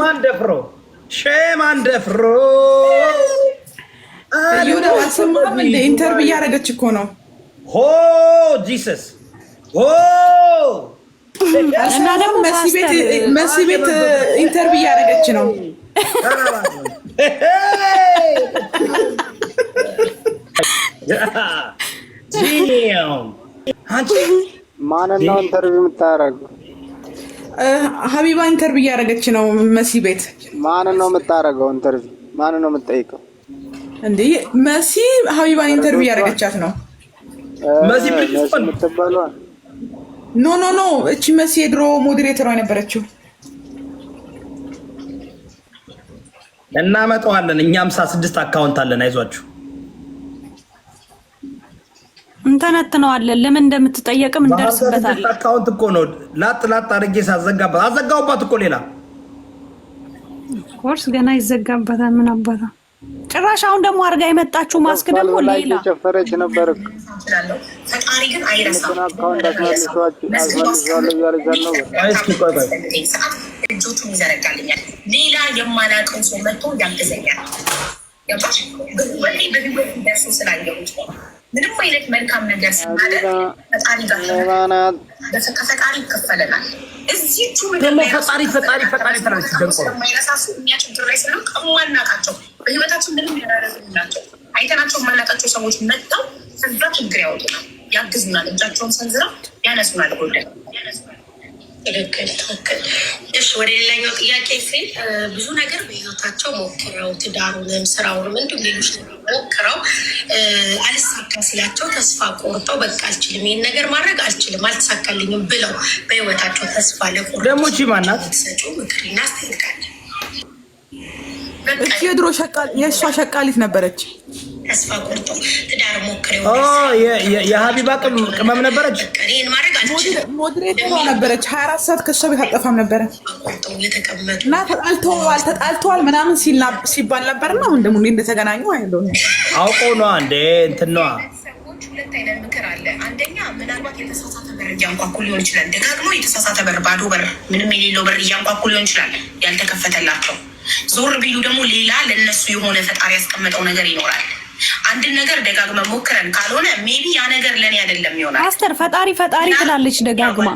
ማን ደፍሮ ማን ደፍሮ አልሰማህም? እንደ ኢንተርቪው እያደረገች እኮ ነው። ሆ ጂሰስ እና ደግሞ መሲ ቤት ኢንተርቪው እያደረገች ነው። አንቺ ማንን ነው ኢንተርቪው የምታደርገው? ሀቢባ ኢንተርቪው እያደረገች ነው። መሲ ቤት ማን ነው የምታደርገው? ኢንተርቪው ማን ነው የምትጠይቀው? እንዴ መሲ ሀቢባን ኢንተርቪው እያደረገቻት ነው። መሲ የምትባለዋ ኖ ኖ ኖ፣ እቺ መሲ የድሮ ሞዴሬተሯ የነበረችው እናመጣዋለን። እኛ ሃምሳ ስድስት አካውንት አለን። አይዟችሁ እንተነትነዋለን። ለምን እንደምትጠየቅም እንደርስበታለን። አካውንት እኮ ነው ላጥ ላጥ አድርጌ ሳዘጋባት አዘጋውባት እኮ ሌላ ኮርስ ገና ይዘጋበታል። ምን አባታ ጭራሽ አሁን ደግሞ አድርጋ የመጣችው ማስክ ደግሞ ሌላ ጨፈረች ነበር። ምንም አይነት መልካም ነገር ስናደርግ ከፈጣሪ ይከፈለናል። እዚቹ ፈጣሪ ፈጣሪ ፈጣሪ እኛ ችግር ላይ ስለ አናቃቸው በህይወታችን ምንም ያላረግላቸው አይተናቸው የማናቃቸው ሰዎች መጥተው ከዛ ችግር ያወጡናል፣ ያግዙናል፣ እጃቸውን ሰንዝረው ያነሱናል። ጎደል ትክክል ትክክል። እሺ ወደ ሌላኛው ጥያቄ ሲል ብዙ ነገር በህይወታቸው ሞክረው ትዳሩንም ስራውንም እንዲሁም ሌሎች ነገር ሞክረው አልሳካ ሲላቸው ተስፋ ቆርጠው በቃ አልችልም፣ ይህን ነገር ማድረግ አልችልም፣ አልተሳካልኝም ብለው በህይወታቸው ተስፋ ለቆርጠው ደግሞ ማናት ሰጩ ምክርና አስተያየት ካለ እቺ የድሮ የእሷ ሸቃሊት ነበረች። ተስፋ ቆርጦ ትዳር ሞክሬ የሀቢባ ቅመም ነበረች፣ ሞዴሬተሯ ነበረች። ሀያ አራት ሰዓት ከሷ ቤት አጠፋም ነበረ እና ተጣልተዋል ተጣልተዋል ምናምን ሲባል ነበር። ና አሁን ደግሞ እንደተገናኙ አይለው አውቀው ነዋ እንዴ እንትን ነዋ ሁለት አይነት ምክር አለ። አንደኛ ምናልባት የተሳሳተ በር እያንኳኩ ሊሆን ይችላል። ደጋግሞ የተሳሳተ በር፣ ባዶ በር፣ ምንም የሌለው በር እያንኳኩ ሊሆን ይችላል ያልተከፈተላቸው። ዞር ቢሉ ደግሞ ሌላ ለእነሱ የሆነ ፈጣሪ ያስቀመጠው ነገር ይኖራል። አንድን ነገር ደጋግመ ሞክረን ካልሆነ ሜቢ ያ ነገር ለእኔ አይደለም ይሆናል። አስተር ፈጣሪ ፈጣሪ ትላለች ደጋግማ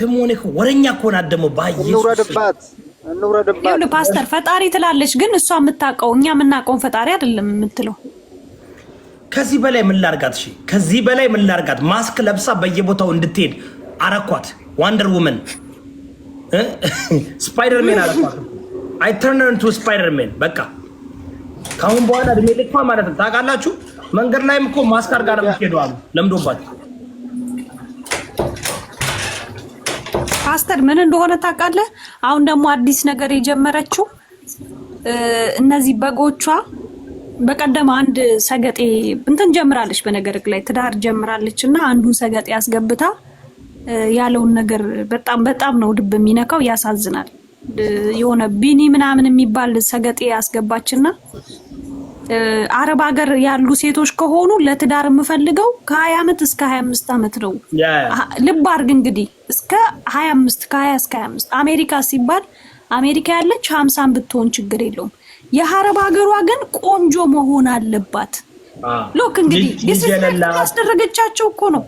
ትሞኔ ወረኛ ከሆነ ደግሞ ባየሱስ ይሁን ፓስተር ፈጣሪ ትላለች፣ ግን እሷ የምታውቀው እኛ የምናውቀውን ፈጣሪ አይደለም የምትለው። ከዚህ በላይ ምን ላርጋት? እሺ ከዚህ በላይ ምን ላርጋት? ማስክ ለብሳ በየቦታው እንድትሄድ አረኳት። ዋንደር ውመን ስፓይደርሜን አረኳት። አይ ተርን ኢንቱ ስፓይደርሜን በቃ ከአሁን በኋላ እድሜ ልክማ ማለት ነው። ታውቃላችሁ፣ መንገድ ላይም እኮ ማስካር ጋር የምትሄዱ አሉ ለምዶባት። ፓስተር ምን እንደሆነ ታውቃለህ? አሁን ደግሞ አዲስ ነገር የጀመረችው እነዚህ በጎቿ በቀደም አንድ ሰገጤ እንትን ጀምራለች፣ በነገርህ ላይ ትዳር ጀምራለች እና አንዱን ሰገጤ ያስገብታ ያለውን ነገር በጣም በጣም ነው ልብ የሚነካው፣ ያሳዝናል። የሆነ ቢኒ ምናምን የሚባል ሰገጤ ያስገባችና አረብ ሀገር ያሉ ሴቶች ከሆኑ ለትዳር የምፈልገው ከሀያ ዓመት እስከ ሀያ አምስት ዓመት ነው። ልብ አድርግ እንግዲህ እስከ ሀያ አምስት ከሀያ እስከ ሀያ አምስት አሜሪካ ሲባል አሜሪካ ያለች ሀምሳን ብትሆን ችግር የለውም። የአረብ ሀገሯ ግን ቆንጆ መሆን አለባት። ሎክ እንግዲህ ያስደረገቻቸው እኮ ነው።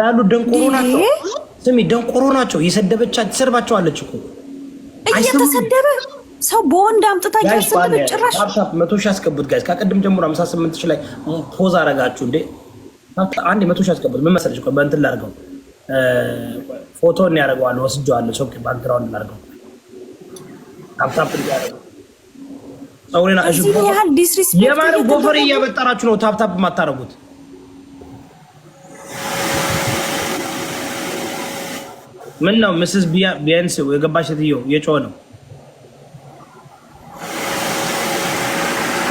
ያሉ ናቸው። ስሚ ደንቆሮ ናቸው። የሰደበቻት ትሰድባቸዋለች እኮ እየተሰደበ ሰው በወንድ አምጥታ እየሰደበ ጭራሽ መቶ ሺህ አስገቡት ጋይስ። ከቅድም ጀምሮ ሃምሳ ስምንት ሺህ ላይ ፖዝ አረጋችሁ እንዴ? አንድ መቶ ሺህ አስገቡት። ምን መሰለሽ እኮ በእንትን ላድርገው፣ ፎቶ ነው ያደርገዋል። ወስጄዋለሁ። ሰው ባክግራውንድ ላድርገው፣ ታፕታፕ ያህል ዲስሪስፔክት የማን ጎፈር እያበጠራችሁ ነው ታፕታፕ የማታረጉት? ምን ነው ምስስ ቢያንስ የገባሽ ሴትዮ የጮ ነው።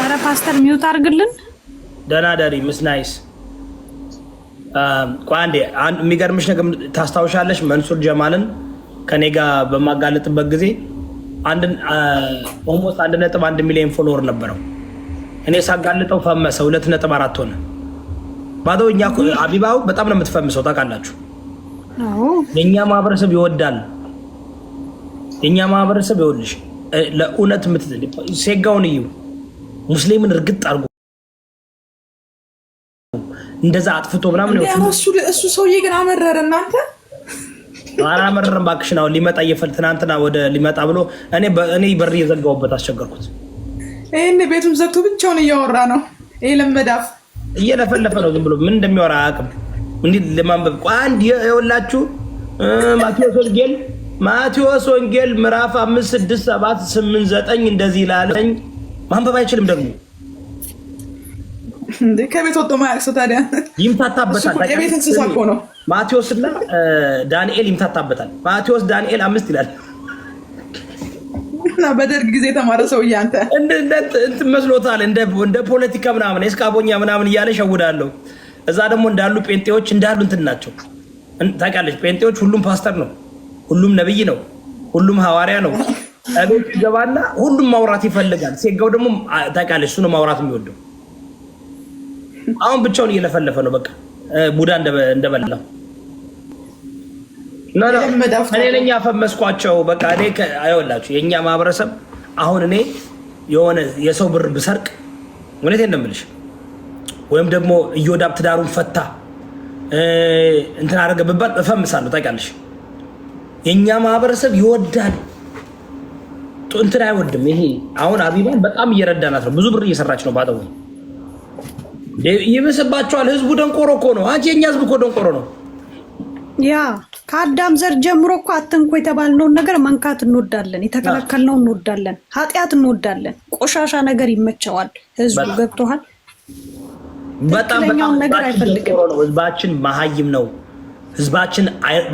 ኧረ ፓስተር ሚውት አድርግልን። ደህና ደሪ ምስ ናይስ። ቆይ አንዴ የሚገርምሽ ነገር ታስታውሻለሽ? መንሱር ጀማልን ከኔ ጋር በማጋለጥበት ጊዜ ኦልሞስት አንድ ነጥብ አንድ ሚሊዮን ፎሎወር ነበረው። እኔ ሳጋልጠው ፈመሰ ሁለት ነጥብ አራት ሆነ። ባዶ እኛ አቢባው በጣም ነው የምትፈምሰው ታውቃላችሁ የእኛ ማህበረሰብ ይወዳል። የእኛ ማህበረሰብ ይወድሽ። ለእውነት ምትል ሴጋውን እዩ። ሙስሊምን እርግጥ አድርጎ እንደዛ አጥፍቶ ምናምን እሱ ሰውዬ ግን አመረረ። እናንተ አላመረረም እባክሽን። አሁን ሊመጣ እየፈል ትናንትና ወደ ሊመጣ ብሎ እኔ በር እየዘጋሁበት አስቸገርኩት። ይህን ቤቱም ዘግቶ ብቻውን እያወራ ነው። ይህ ለመዳፍ እየለፈለፈ ነው። ዝም ብሎ ምን እንደሚያወራ አያውቅም። እንዴት ለማንበብ አንድ የወላችሁ ማቴዎስ ወንጌል ማቴዎስ ወንጌል ምዕራፍ አምስት ስድስት ሰባት ስምንት ዘጠኝ እንደዚህ ይላል። ማንበብ አይችልም ደግሞ ከቤት ወጥቶ ማያቅሱ ታዲያ ይምታታበታል። የቤት እንስሳ እኮ ነው። ማቴዎስ እና ዳንኤል ይምታታበታል። ማቴዎስ ዳንኤል አምስት ይላል። በደርግ ጊዜ የተማረ ሰውዬ አንተ እንትን መስሎታል። እንደ ፖለቲካ ምናምን እስካቦኛ ምናምን እያለ ሸውዳለሁ እዛ ደግሞ እንዳሉ ጴንጤዎች እንዳሉ እንትን ናቸው። ታውቂያለሽ፣ ጴንጤዎች ሁሉም ፓስተር ነው፣ ሁሉም ነብይ ነው፣ ሁሉም ሐዋርያ ነው። ቤት ይገባና ሁሉም ማውራት ይፈልጋል። ሴጋው ደግሞ ታውቂያለሽ፣ እሱ ነው ማውራት የሚወደው። አሁን ብቻውን እየለፈለፈ ነው። በቃ ቡዳ እንደበላ እኔ ነኝ ያፈመስኳቸው። በቃ እኔ አይወላችሁ የእኛ ማህበረሰብ አሁን እኔ የሆነ የሰው ብር ብሰርቅ እውነቴን ነው የምልሽ ወይም ደግሞ እዮዳብ ትዳሩን ፈታ እንትን አደረገ ብባል እፈምሳለሁ። ታውቂያለሽ፣ የእኛ ማህበረሰብ ይወዳል እንትን አይወድም። ይሄ አሁን አቢባን በጣም እየረዳናት ነው፣ ብዙ ብር እየሰራች ነው። ባጠው ይብስባቸዋል። ህዝቡ ደንቆሮ እኮ ነው። አንቺ የእኛ ህዝብ እኮ ደንቆሮ ነው። ያ ከአዳም ዘር ጀምሮ እኮ አትንኮ የተባልነውን ነገር መንካት እንወዳለን፣ የተከለከልነው እንወዳለን፣ ኃጢአት እንወዳለን። ቆሻሻ ነገር ይመቸዋል ህዝቡ። ገብቶሃል? በጣም ነገር አይፈልግም። ህዝባችን መሀይም ነው። ህዝባችን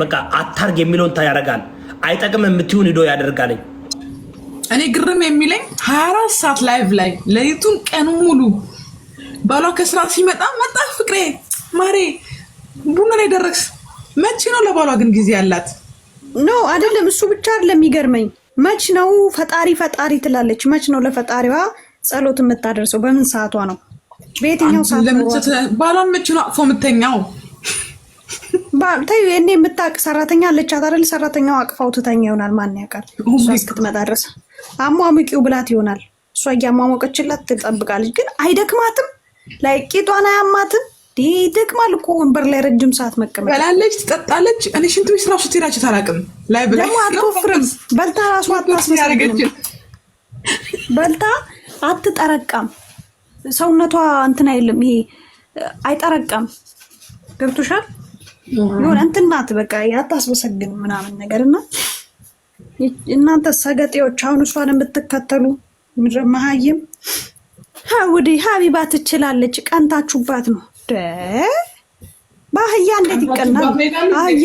በቃ አታርግ የሚለውን ያደርጋል። አይጠቅም የምትሆን ሂዶ ያደርጋለኝ። እኔ ግርም የሚለኝ 24 ሰዓት ላይቭ ላይ ለሊቱን ቀን ሙሉ ባሏ ከስራ ሲመጣ መጣ ፍቅሬ ማሬ ቡና ላይ ደረግስ መቼ ነው ለባሏ ግን ጊዜ ያላት? ኖ አይደለም። እሱ ብቻ አይደለም የሚገርመኝ፣ መች ነው ፈጣሪ ፈጣሪ ትላለች። መች ነው ለፈጣሪዋ ጸሎት የምታደርሰው? በምን ሰዓቷ ነው? በየትኛው ባላመችው አቅፎ የምተኛው ተይው። እኔ የምታውቅ ሰራተኛ አለቻት አይደል? ሰራተኛው አቅፋው ትተኛ ይሆናል። ማን ያውቃል? እሷ እስክትመጣ ድረስ አሟሙቂው ብላት ይሆናል። እሷ እያሟሞቀችላት ትጠብቃለች። ግን አይደክማትም? ላይ ቂጧን አያማትም? ይደክማል እኮ ወንበር ላይ ረጅም ሰዓት መቀመጥ። በላለች፣ ትጠጣለች። እኔ ሽንት ቤት ስራ ስትሄዳች ታላቅም ላይ ደግሞ አትወፍርም። በልታ ራሱ አታስመስልም። በልታ አትጠረቃም። ሰውነቷ እንትን አይልም፣ ይሄ አይጠረቀም። ገብቶሻል? የሆነ እንትን ናት፣ በቃ አታስመሰግንም ምናምን ነገር እና እናንተ ሰገጤዎች አሁን እሷን የምትከተሉ መሀይም ወደ ሀቢባ ትችላለች። ቀንታችሁባት ነው። በአህያ እንዴት ይቀናል? አህያ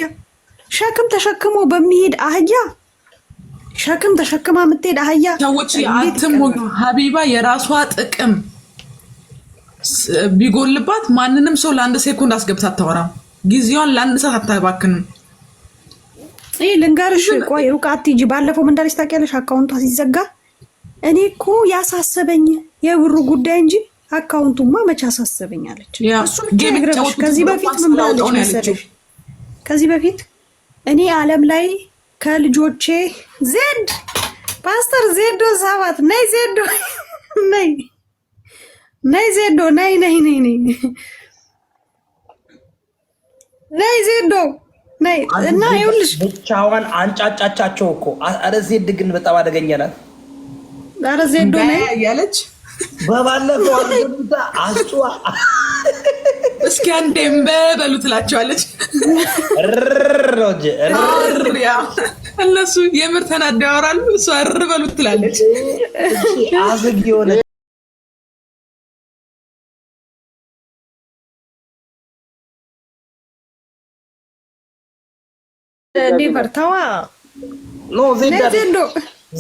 ሸክም ተሸክሞ በሚሄድ አህያ ሸክም ተሸክማ የምትሄድ አህያ ሰዎች አትሞኙ። ሀቢባ የራሷ ጥቅም ቢጎልባት ማንንም ሰው ለአንድ ሴኮንድ አስገብታ አታወራም። ጊዜዋን ለአንድ ሰዓት አታባክንም። ይህ ልንገርሽ፣ ቆይ ሩቅ አትሂጂ። ባለፈው ምን እንዳለች ታውቂያለሽ? አካውንቷ ሲዘጋ እኔ እኮ ያሳሰበኝ የብሩ ጉዳይ እንጂ አካውንቱማ መች አሳሰበኝ አለች። ከዚህ በፊት ምን ብላለች መሰለሽ? ከዚህ በፊት እኔ አለም ላይ ከልጆቼ ዜድ ፓስተር ዜዶ ሰባት ነይ ዜዶ ነይ ነይ ዜዶ ነይ ነይ ነይ ነይ ነይ ዜዶ ነይ እና ይኸውልሽ፣ ብቻዋን አንጫጫቻቸው እኮ። አረ ዜድ ግን በጣም አደገኛ ናት። አረ ዜዶ ነይ እያለች በባለፈው አንደምታ አስዋ እስኪ አንዴም በበሉ ትላቸዋለች። እነሱ የምር ተናዳ ያወራሉ። እሷ ር በሉ ትላለች። አዝግ የሆነ ኔቨር ተዋ። ኖ ዜድ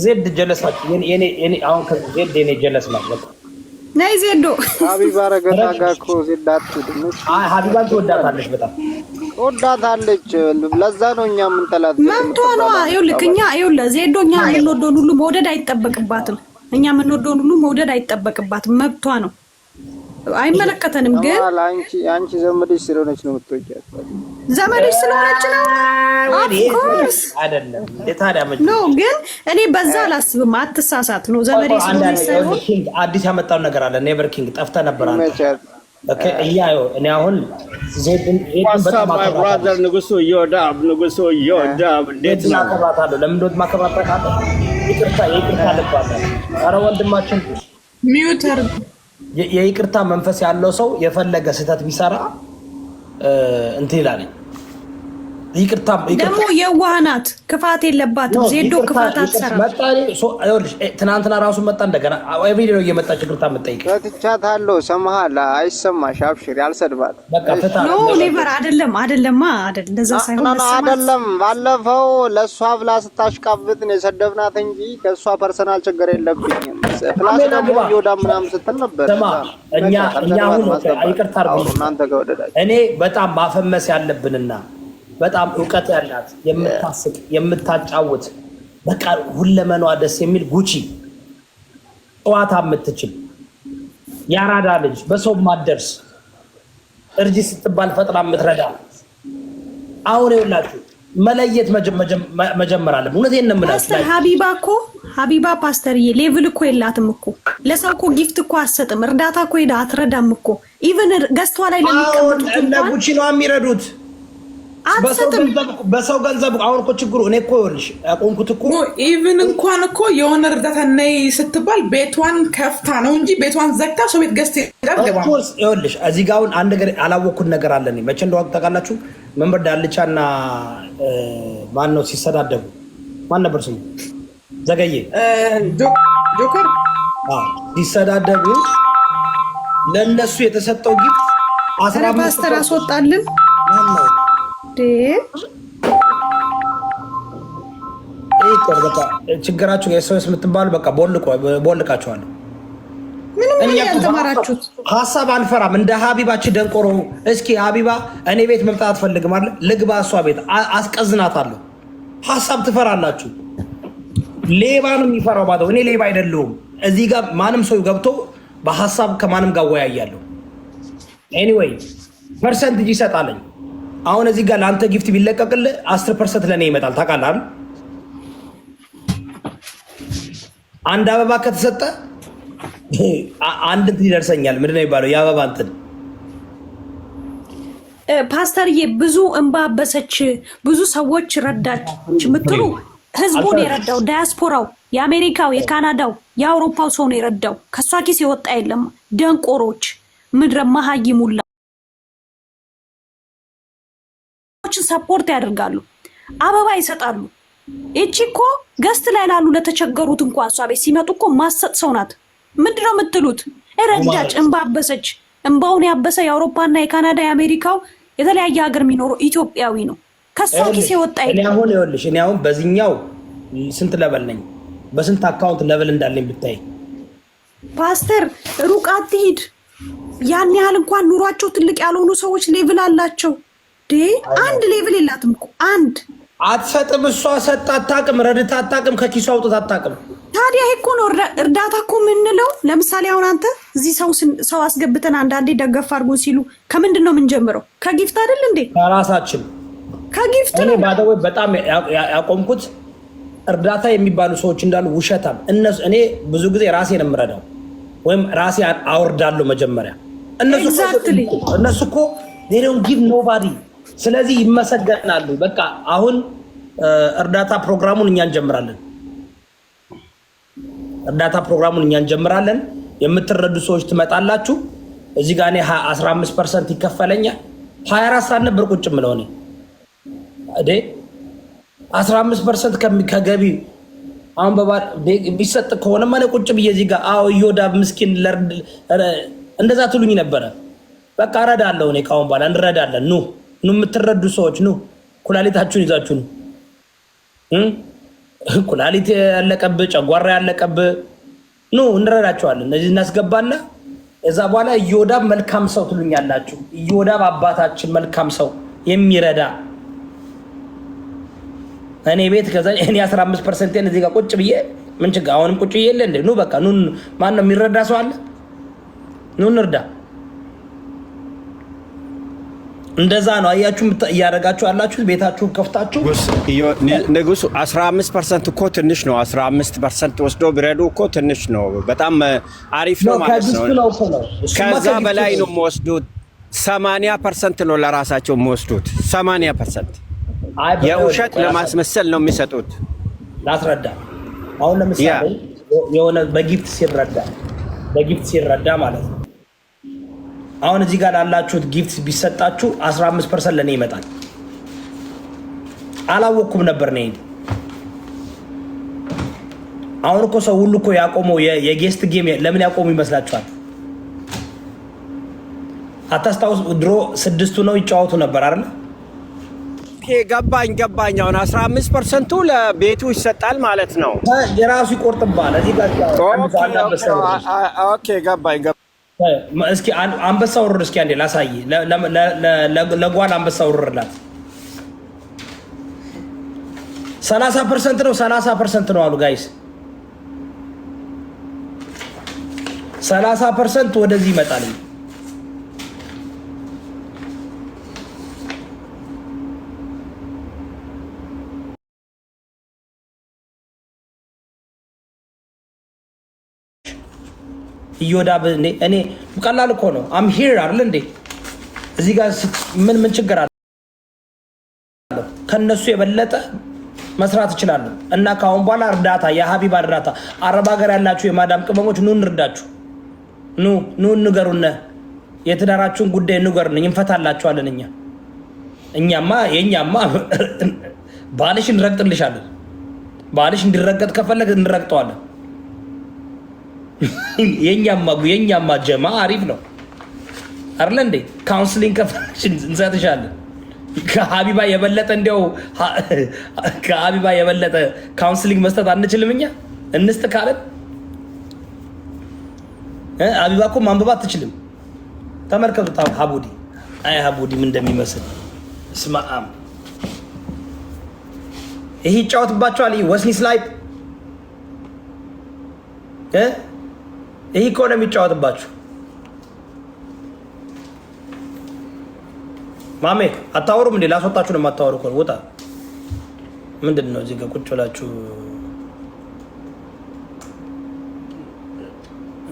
ዜድ ጀለስ አሁን ዜድ የኔ ጀለስ ናት። ናይ ዜዶ ሀቢባ ረገጣ ጋር እኮ ዜድ ሀቢባ ትወዳታለች፣ በጣም ትወዳታለች። ለዛ ነው እኛ የምንጠላት። መብቷ ነው። ይኸውልህ እኛ ይኸውልህ ዜዶ እኛ የምንወደውን ሁሉ መውደድ አይጠበቅባትም። እኛ የምንወደውን ሁሉ መውደድ አይጠበቅባትም። መብቷ ነው። አይመለከተንም። ግን አንቺ አንቺ ስለሆነች ነው የምትወጃት ዘመዶች ስለሆነች ነው። ግን እኔ በዛ አላስብም። አትሳሳት ነው ዘመዴ አዲስ ያመጣው ነገር አለ። ኔቨር ኪንግ ነበር አንተ። እኔ አሁን ብራዘር ንጉሱ ንጉሱ እንዴት ይቅርታ ኧረ ወንድማችን ሚውተር የይቅርታ መንፈስ ያለው ሰው የፈለገ ስህተት ቢሰራ እንትን ይላለኝ ይቅርታ ደግሞ የዋህ ናት፣ ክፋት የለባትም። ዜዶ ክፋት አትሰራም። ትናንትና ራሱ መጣ እንደገና ኤቭሪዴ ነው እየመጣች ይቅርታ የምጠይቀኝ። ፈትቻታለሁ። ሰማሃል? አይሰማሽ። አብሽሪ፣ አልሰድባት። ኖ ኔቨር። አይደለም አይደለማ፣ እንደዛ ሳይሆን አይደለም። ባለፈው ለእሷ ብላ ስታሽቃብጥ ነው የሰደብናት እንጂ ከእሷ ፐርሰናል ችግር የለብኝም። ፕላስ ምናምን ስትል ነበር። እኛ አሁን ይቅርታ፣ እናንተ ከወደዳችሁ እኔ በጣም ማፈመስ ያለብንና በጣም እውቀት ያላት የምታስቅ የምታጫውት በቃ ሁለመኗ ደስ የሚል ጉቺ ጨዋታ የምትችል የአራዳ ልጅ በሰው ማደርስ እርጂ ስትባል ፈጥና የምትረዳ አሁን ይውላችሁ መለየት መጀመር አለ። እውነቴን ነው የምላችሁ። ሀቢባ እኮ ሀቢባ ፓስተርዬ ሌቭል እኮ የላትም እኮ ለሰው እኮ ጊፍት እኮ አትሰጥም። እርዳታ እኮ ሄዳ አትረዳም እኮ ኢቨን ገዝቷ ላይ ለሚቀመጡት እነ ጉቺ ነው የሚረዱት በሰው ገንዘብ አሁን እኮ ችግሩ እኔ እኮ ይኸውልሽ ያቆምኩት እኮ ኢቭን እንኳን እኮ የሆነ እርዳታ ነይ ስትባል ቤቷን ከፍታ ነው እንጂ ቤቷን ዘግታ ሰው ቤት ገዝት ይኸውልሽ፣ እዚህ አሁን አንድ ነገር አላወቅኩት ነገር አለ። እኔ መቼ እንደዋቅ ታውቃላችሁ? መንበር ማን ነው ሲሰዳደቡ ማን ነበር ስሙ? ጆከር ሲሰዳደቡ ለእነሱ የተሰጠው ጊፍት ፓስተር አስወጣልን ችግራችሁ የሰውስ የምትባሉ በቃ ቦልቃችኋለሁ። ሀሳብ አንፈራም። እንደ ሀቢባችን ደንቆሮ እስኪ ሀቢባ እኔ ቤት መምጣት አትፈልግም አለ ልግባ እሷ ቤት አስቀዝናታለሁ። ሀሳብ ትፈራላችሁ። ሌባ ነው የሚፈራው ባለው እኔ ሌባ አይደለሁም። እዚህ ጋር ማንም ሰው ገብቶ በሀሳብ ከማንም ጋር ወያያለሁ። ኤኒዌይ ፐርሰንት እጅ ይሰጣለኝ አሁን እዚህ ጋር ለአንተ ጊፍት ቢለቀቅል አስር ፐርሰንት ለእኔ ይመጣል። ታውቃለህ? አንድ አበባ ከተሰጠ አንድ እንትን ይደርሰኛል። ምንድን ነው የሚባለው? የአበባ እንትን ፓስተርዬ፣ ብዙ እንባ አበሰች፣ ብዙ ሰዎች ረዳች የምትሉ ህዝቡን የረዳው ዳያስፖራው፣ የአሜሪካው፣ የካናዳው፣ የአውሮፓው ሰው ነው የረዳው። ከእሷ ኪስ የወጣ የለም። ደንቆሮች ምድረ መሀይሙላ ሰፖርት ያደርጋሉ፣ አበባ ይሰጣሉ። እቺ እኮ ገስት ላይ ላሉ ለተቸገሩት እንኳን እሷ ቤት ሲመጡ እኮ ማሰጥ ሰው ናት። ምንድን ነው የምትሉት? ረዳች፣ እንባ አበሰች። እንባውን ያበሰ የአውሮፓና የካናዳ የአሜሪካው የተለያየ ሀገር የሚኖሩ ኢትዮጵያዊ ነው። ከእሷ ኪስ የወጣ አሁን ይኸውልሽ፣ እኔ አሁን በዚኛው ስንት ለበል ነኝ፣ በስንት አካውንት ለበል እንዳለኝ ብታይ። ፓስተር ሩቅ አትሂድ። ያን ያህል እንኳን ኑሯቸው ትልቅ ያልሆኑ ሰዎች ሌቭል አላቸው። አንድ ሌቭል የላትም እኮ አንድ አትሰጥም። እሷ ሰጥ አታውቅም፣ ረድት አታውቅም፣ ከኪሱ አውጥት አታውቅም። ታዲያ እኮ ነው እርዳታ እኮ የምንለው። ለምሳሌ አሁን አንተ እዚህ ሰው አስገብተን አንዳንዴ ደገፍ አድርጉን ሲሉ ከምንድን ነው የምንጀምረው? ከጊፍት አይደል እንዴ? ከራሳችን ከጊፍት ነው። በጣም ያቆምኩት እርዳታ የሚባሉ ሰዎች እንዳሉ ውሸታም እነሱ። እኔ ብዙ ጊዜ ራሴን የምረዳው ወይም ራሴ አወርዳለሁ መጀመሪያ። እነሱ እኮ ዴይ ዶንት ጊቭ ኖባዲ ስለዚህ ይመሰገናሉ። በቃ አሁን እርዳታ ፕሮግራሙን እኛ እንጀምራለን። እርዳታ ፕሮግራሙን እኛ እንጀምራለን። የምትረዱ ሰዎች ትመጣላችሁ። እዚህ ጋ እኔ 15 ፐርሰንት ይከፈለኛል። 24 ሰዓት ነበር ቁጭ ምለው እኔ እዴ 15 ፐርሰንት ከገቢ አሁን ቢሰጥ ከሆነ እኔ ቁጭ ብዬ እዚህ ጋር አዎ ምስኪን እንደዛ ትሉኝ ነበረ። በቃ እረዳለሁ እኔ ካሁን በኋላ እንረዳለን ኑህ ኑ የምትረዱ ሰዎች ኑ ኩላሊታችሁን ይዛችሁ ነው። ኩላሊት ያለቀብ ጨጓራ ያለቀብ ኑ እንረዳቸዋለን። እነዚህ እናስገባና እዛ በኋላ እዮዳብ መልካም ሰው ትሉኛላችሁ። እዮዳብ አባታችን መልካም ሰው የሚረዳ እኔ ቤት ከዛ እኔ 15 ፐርሰንቴን እዚህ ጋር ቁጭ ብዬ ምን ችግር አሁንም ቁጭ ብዬ የለ እንዴ? ኑ በቃ ኑ። ማን ነው የሚረዳ ሰው አለ? ኑ እንርዳ። እንደዛ ነው። አያችሁ እያደረጋችሁ አላችሁ ቤታችሁን ከፍታችሁ ንጉሱ 15 ፐርሰንት እኮ ትንሽ ነው። 15 ፐርሰንት ወስዶ ብረዱ እኮ ትንሽ ነው። በጣም አሪፍ ነው ማለት ነው። ከዛ በላይ ነው የምወስዱት። 80 ፐርሰንት ነው ለራሳቸው የምወስዱት። 80 ፐርሰንት የውሸት ለማስመሰል ነው የሚሰጡት። ላስረዳ። አሁን ለምሳሌ የሆነ በጊፍት ሲረዳ በጊፍት ሲረዳ ማለት ነው አሁን እዚህ ጋር ላላችሁት ጊፍት ቢሰጣችሁ 15 ፐርሰንት ለእኔ ይመጣል። አላወቅኩም ነበር ነ አሁን እኮ ሰው ሁሉ እኮ ያቆመው የጌስት ጌም ለምን ያቆሙ ይመስላችኋል? አታስታውስ? ድሮ ስድስቱ ነው ይጫወቱ ነበር አይደል? ገባኝ ገባኝ። አሁን 15 ፐርሰንቱ ለቤቱ ይሰጣል ማለት ነው። የራሱ ይቆርጥባል። ገባኝ እስኪ አንበሳ ውርር፣ እስኪ አንዴ ላሳይ። ለጓል አንበሳ ውርርላት። ሰላሳ ፐርሰንት ነው፣ ሰላሳ ፐርሰንት ነው አሉ ጋይስ። ሰላሳ ፐርሰንት ወደዚህ ይመጣል። እዮዳብ እኔ ቀላል እኮ ነው። አም ሄር አለ እንዴ? እዚህ ጋር ምን ምን ችግር አለ? ከነሱ የበለጠ መስራት እችላለሁ። እና ከአሁን በኋላ እርዳታ፣ የሀቢባ እርዳታ አረብ ሀገር ያላችሁ የማዳም ቅመሞች ኑ እንርዳችሁ፣ ኑ ኑ እንገሩነ፣ የትዳራችሁን ጉዳይ እንገሩነ፣ እንፈታላችኋለን። እኛ እኛማ የእኛማ ባልሽ እንረግጥልሻለን። ባልሽ እንዲረገጥ ከፈለግ እንረግጠዋለን። የኛማ የኛማ ጀማ አሪፍ ነው አይደለ እንዴ? ካውንስሊንግ ከፈለግሽ እንሰጥሻለን። ከሀቢባ የበለጠ እንዲያው ከሀቢባ የበለጠ ካውንስሊንግ መስጠት አንችልም እኛ እንስጥ ካለን ሀቢባ እኮ ማንበባ አትችልም። ተመልከቱት ሀቡዲ አይ ሀቡዲ ምን እንደሚመስል ስማም ይሄ ይጫወትባቸዋል። ወስኒ ስላይፕ ይህ ከሆነ የሚጫወትባችሁ ማሜ አታወሩም እንዴ? ላስወጣችሁ ነው የማታወሩ ከሆነ ውጣ። ምንድን ነው እዚህ ጋር ቁጭ ብላችሁ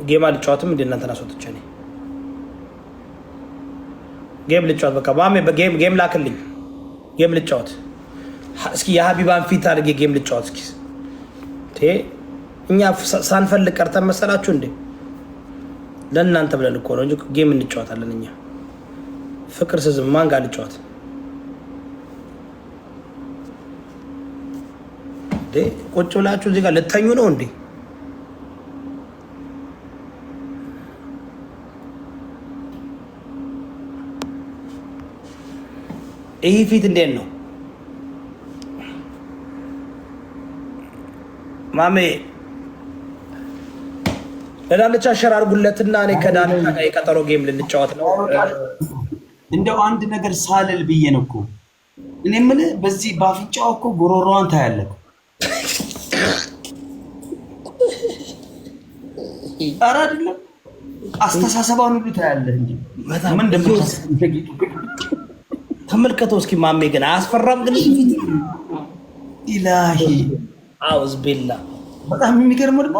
ጌማ ልጫወትም እንዴ? እናንተን አስወጥቼ እኔ ጌም ልጫወት። በቃ ማሜ በጌም ጌም ላክልኝ፣ ጌም ልጫወት። እስኪ የሀቢባን ፊት አድርጌ ጌም ልጫወት። እስኪ እኛ ሳንፈልግ ቀርተን መሰላችሁ እንዴ? ለእናንተ ብለን እኮ ነው እንጂ ጌም እንጫወታለን እኛ። ፍቅር ስዝም ማን ጋር ልጫወት? ቁጭ ብላችሁ እዚህ ጋር ልተኙ ነው እንዴ? ይህ ፊት እንዴት ነው ማሜ? ለዳልቻ አሸራርጉለትና እኔ ከዳልቻ ጋር የቀጠሮ ጌም ልንጫወት ነው። እንደው አንድ ነገር ሳልል ብዬ ነው እኮ እኔ የምልህ በዚህ በአፍንጫው እኮ ጉሮሮዋን ታያለህ። ኧረ አይደለም አስተሳሰባን ሁሉ ታያለህ እንጂ ምን ተመልከተው እስኪ ማሜ ግን አያስፈራም? ግን ኢላሂ አውዝ ቢላ በጣም የሚገርመው ደግሞ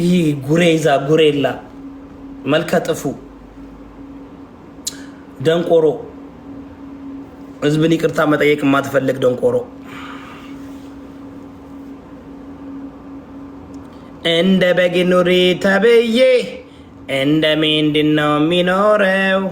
ይህ ጉሬዛ ጉሬላ መልከ ጥፉ ደንቆሮ ህዝብን ይቅርታ መጠየቅ የማትፈልግ ደንቆሮ እንደ በግ ኑሪ ተብዬ እንደ ምንድን ነው የሚኖረው?